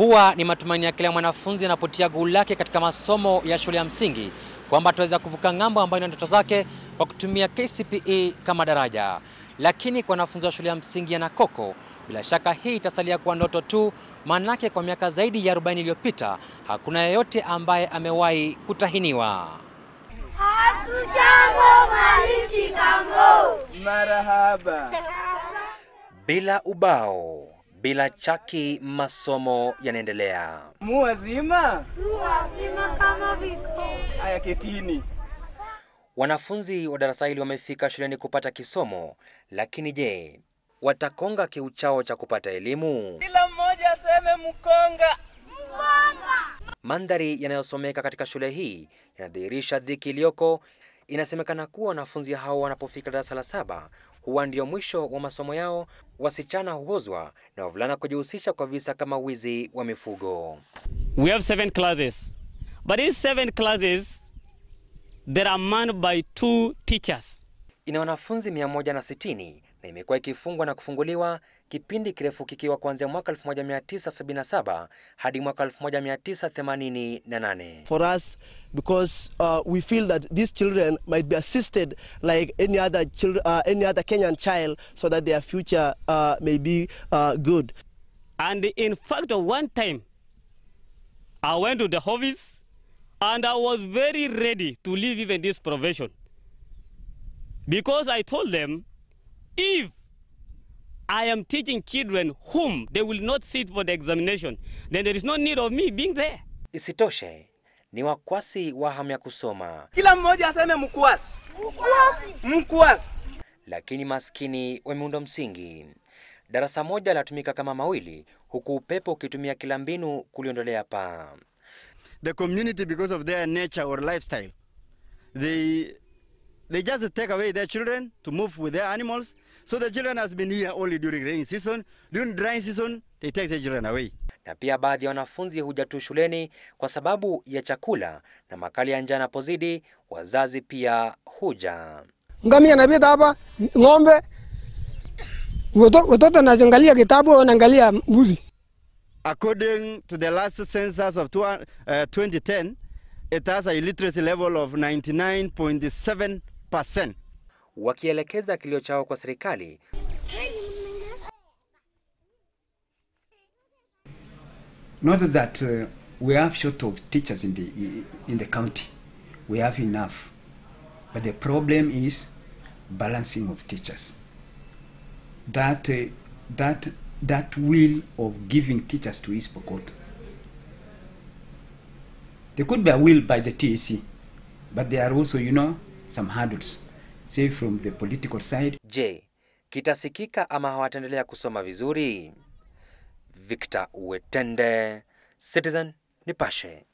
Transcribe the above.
Huwa ni matumaini ya kila mwanafunzi anapotia guu lake katika masomo ya shule ya msingi kwamba ataweza kuvuka ng'ambo ambayo ni ndoto zake kwa kutumia KCPE kama daraja. Lakini kwa wanafunzi wa shule ya msingi ya Nakoko, bila shaka hii itasalia kuwa ndoto tu, maanake kwa miaka zaidi ya 40 iliyopita hakuna yeyote ambaye amewahi kutahiniwa. Hatujambo malishi Kambo. Marahaba. Bila ubao bila chaki masomo yanaendelea. Muazima muazima kama viko. haya ketini. Wanafunzi wa darasa hili wamefika shuleni kupata kisomo, lakini je, watakonga kiu chao cha kupata elimu? Kila mmoja aseme mkonga. Mkonga. Mandhari yanayosomeka katika shule hii yanadhihirisha dhiki iliyoko. Inasemekana kuwa wanafunzi hao wanapofika darasa la saba huwa ndio mwisho wa masomo yao, wasichana huozwa na wavulana kujihusisha kwa visa kama wizi wa mifugo. We have seven classes. But in seven classes, there are manned by two teachers. Ina wanafunzi 160 na imekuwa ikifungwa na kufunguliwa kipindi kirefu kikiwa kuanzia mwaka 1977 hadi mwaka 1988. For us because uh, we feel that these children might be assisted like any other children, uh, any other Kenyan child so that their future uh, may be uh, good. And in fact one time I went to the office and I was very ready to leave even this profession because I told them If I am teaching children whom they will not sit for the examination, then there is no need of me being there. Isitoshe, ni wakwasi wa hamu ya kusoma. Kila mmoja aseme mkwasi, mkwasi, mkwasi. Lakini maskini wameunda msingi. Darasa moja latumika kama mawili, huku upepo ukitumia kila mbinu kuliondolea paa. The community because of their nature or lifestyle, they they just take away their children to move with their animals So the children has been here only during rain season. During dry season, they take the children away. Na pia baadhi ya wanafunzi huja tu shuleni kwa sababu ya chakula, na makali ya njaa yanapozidi, wazazi pia huja. Ngamia anapita hapa, ng'ombe, watoto wanaangalia kitabu, wanaangalia mbuzi. According to the last census of 2010, eh, it has a literacy level of 99.7% wakielekeza kilio chao kwa serikali. Not that uh, we have short of teachers in the, in the county. We have enough. But the problem is balancing of teachers. That, uh, that, that will of giving teachers to East Pokot. There could be a will by the tac e but there are also, you know, some hurdles say from the political side. Je, kitasikika ama hawataendelea kusoma vizuri? Victor Wetende, Citizen Nipashe.